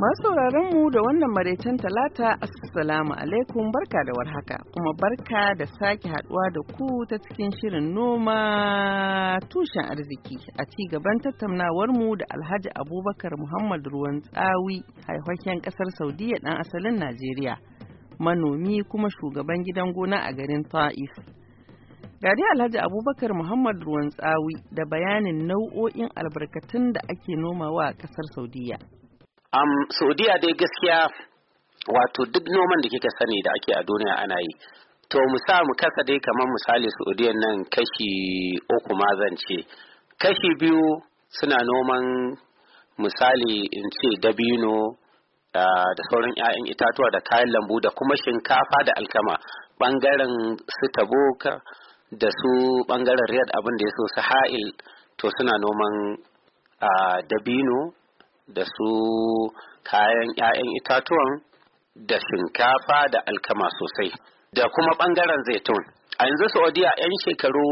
Masu sauraron mu da wannan maraicen talata assalamu alaikum barka da warhaka kuma barka da sake haduwa da ku ta cikin shirin noma tushen arziki a ci gaban tattaunawar mu da Alhaji Abubakar Muhammad Ruwan Tsawi haihaken kasar Saudiya dan asalin Najeriya manomi kuma shugaban gidan gona a garin Ta'if Gari Alhaji Abubakar Muhammad Ruwan Tsawi da bayanin nau'o'in albarkatun da ake nomawa a kasar Saudiya. am saudiya dai gaskiya wato duk noman da kika sani da ake a duniya ana yi to mu sa mu kasa dai kamar misali saudiya nan kashi uku ma zan ce kashi biyu suna noman misali in ce dabino ah, da sauran 'ya'yan itatuwa da kayan lambu da kuma shinkafa da alkama bangaren su taboka da su bangaren riyad abin da ya so su ha'il to suna noman ah, dabino da su kayan 'ya'yan itatuwan da shinkafa da alkama sosai da kuma ɓangaren zaitun a yanzu saudiya 'yan shekaru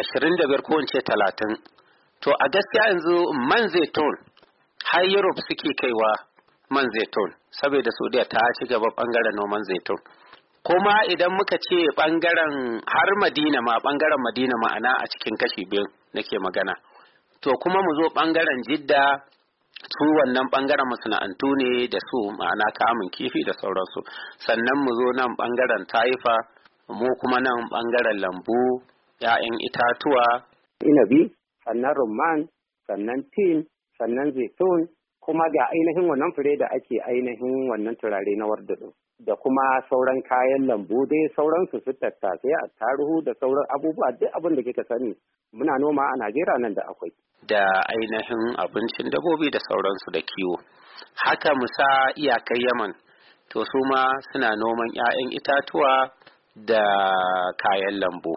ashirin da biyar kowace talatin to a gaskiya yanzu man zaitun har europe suke kaiwa man zaitun saboda saudiya ta ci gaba ɓangaren noman zaitun kuma idan muka ce ɓangaren har madina ma ɓangaren madina ma'ana a cikin kashi biyu nake magana to kuma mu zo ɓangaren jidda su wannan bangaren masana'antu ne da su ma'ana kamun kifi da sauransu sannan mu zo nan bangaren taifa mu kuma nan bangaren lambu ya'yan itatuwa inabi sannan rumman sannan tin sannan zaitun kuma ga ainihin wannan fure da ake ainihin wannan turare na wardado da kuma sauran kayan lambu dai sauransu su tattasai taruhu da sauran abubuwa dai abin da kika sani muna noma a Najeriya nan da akwai. Da ainihin abincin dabobi da sauransu da kiwo. Haka musa iyakar Yaman to su ma suna noman 'ya'yan itatuwa da kayan lambu.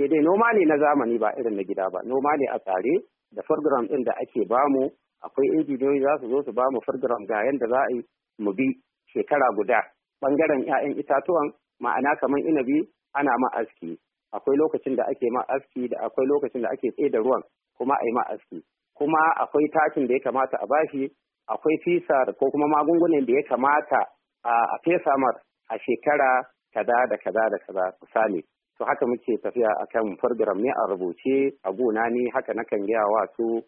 Sai dai noma ne na zamani ba irin na gida ba, noma ne a tsare da program ɗin da ake bamu akwai injiniyoyi za su zo su bamu program ga yadda za a yi mu bi shekara guda bangaren 'ya'yan itatuwan ma'ana kamar inabi ana ma aski akwai lokacin da ake ma da akwai lokacin da ake tsaye da ruwan kuma a yi ma kuma akwai takin da ya kamata a bashi akwai fisar ko kuma magungunan da ya kamata a fesa mar a shekara kaza da kaza da kaza misali to haka muke tafiya akan program ne a rubuce a gona ni haka na kan gaya wa su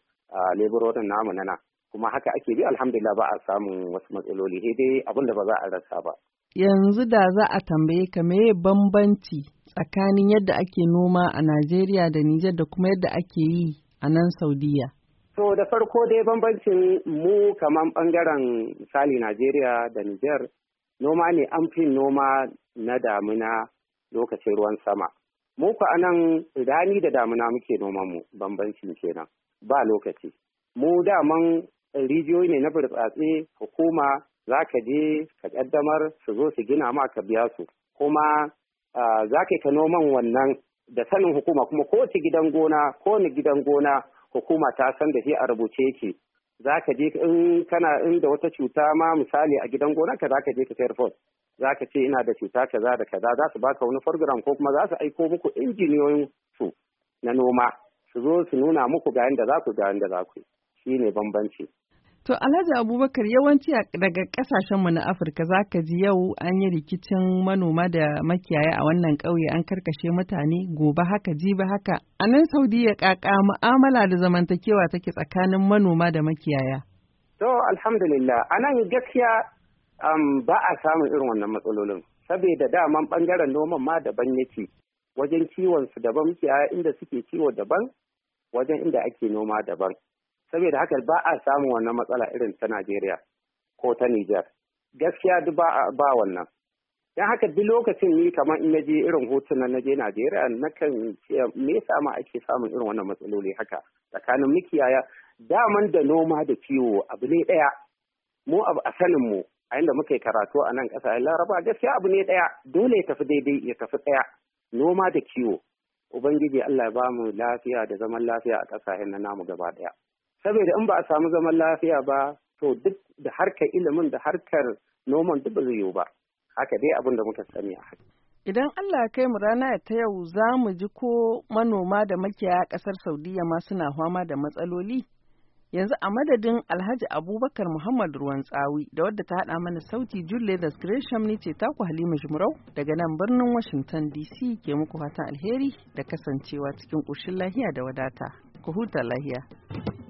leburorin namu nana kuma haka ake bi alhamdulillah ba a samun wasu matsaloli sai dai abin da ba za a rasa ba yanzu da za a tambaye ka meye bambanci tsakanin yadda ake noma a Najeriya da Nijar da kuma yadda ake yi a nan Saudiya? So da farko dai bambancin mu kamar bangaren misali Najeriya da Nijar noma ne an fi noma na damina lokacin ruwan sama. Mu ku a nan rani da damina muke noman mu bambancin kenan ba lokaci. Mu daman rijiyoyi ne na burtsatse hukuma za ka je ka ƙaddamar su zo su gina ma ka biya su kuma za ka yi ka noman wannan da sanin hukuma kuma kowace gidan gona ko ni gidan gona hukuma ta san da shi a rubuce yake za ka je in kana in da wata cuta ma misali a gidan gona ka za ka je ka sayar fos za ka ce ina da cuta kaza da kaza za su baka wani program ko kuma za su aiko muku injiniyoyin su na noma su zo su nuna muku ga yanda za ku ga yanda za ku shine bambanci To Alhaji Abubakar yawanci daga kasashenmu na Afirka za ka ji yau an yi rikicin manoma da makiyaya a wannan ƙauye an karkashe mutane gobe haka ji ba haka. A nan Saudiya kaka mu'amala da zamantakewa take tsakanin manoma da makiyaya. To alhamdulillah a nan gaskiya ba a samun irin wannan matsalolin. Saboda daman ɓangaren noman ma daban yake wajen kiwon su daban makiyaya inda suke kiwo daban wajen inda ake noma daban. saboda haka ba a samun wannan matsala irin ta Najeriya ko ta Nijar gaskiya duk ba ba wannan dan haka duk lokacin ni kamar in naje irin hotunan naje Najeriya na kan me yasa ma ake samun irin wannan matsaloli haka tsakanin mikiyaya daman da noma da ciwo abu ne daya mu a sanin mu a inda muke karatu a nan ƙasa laraba gaskiya abu ne daya dole ya tafi daidai ya tafi daya noma da kiwo ubangiji Allah ya ba mu lafiya da zaman lafiya a ƙasashen na namu gaba daya saboda in ba a samu zaman lafiya ba to duk da harkar ilimin da harkar noman duk ba zai yiwu ba haka dai abin da muka sani a haka. Idan Allah ya kai mu rana ta yau za mu ji ko manoma da makiyaya ƙasar Saudiya ma suna fama da matsaloli. Yanzu a madadin Alhaji Abubakar Muhammad Ruwan Tsawi da wadda ta haɗa mana sauti Julie da Gresham ne ce ku Halima Jumrau daga nan birnin Washington DC ke muku fatan alheri da kasancewa cikin ƙoshin lahiya da wadata. Ku huta lahiya.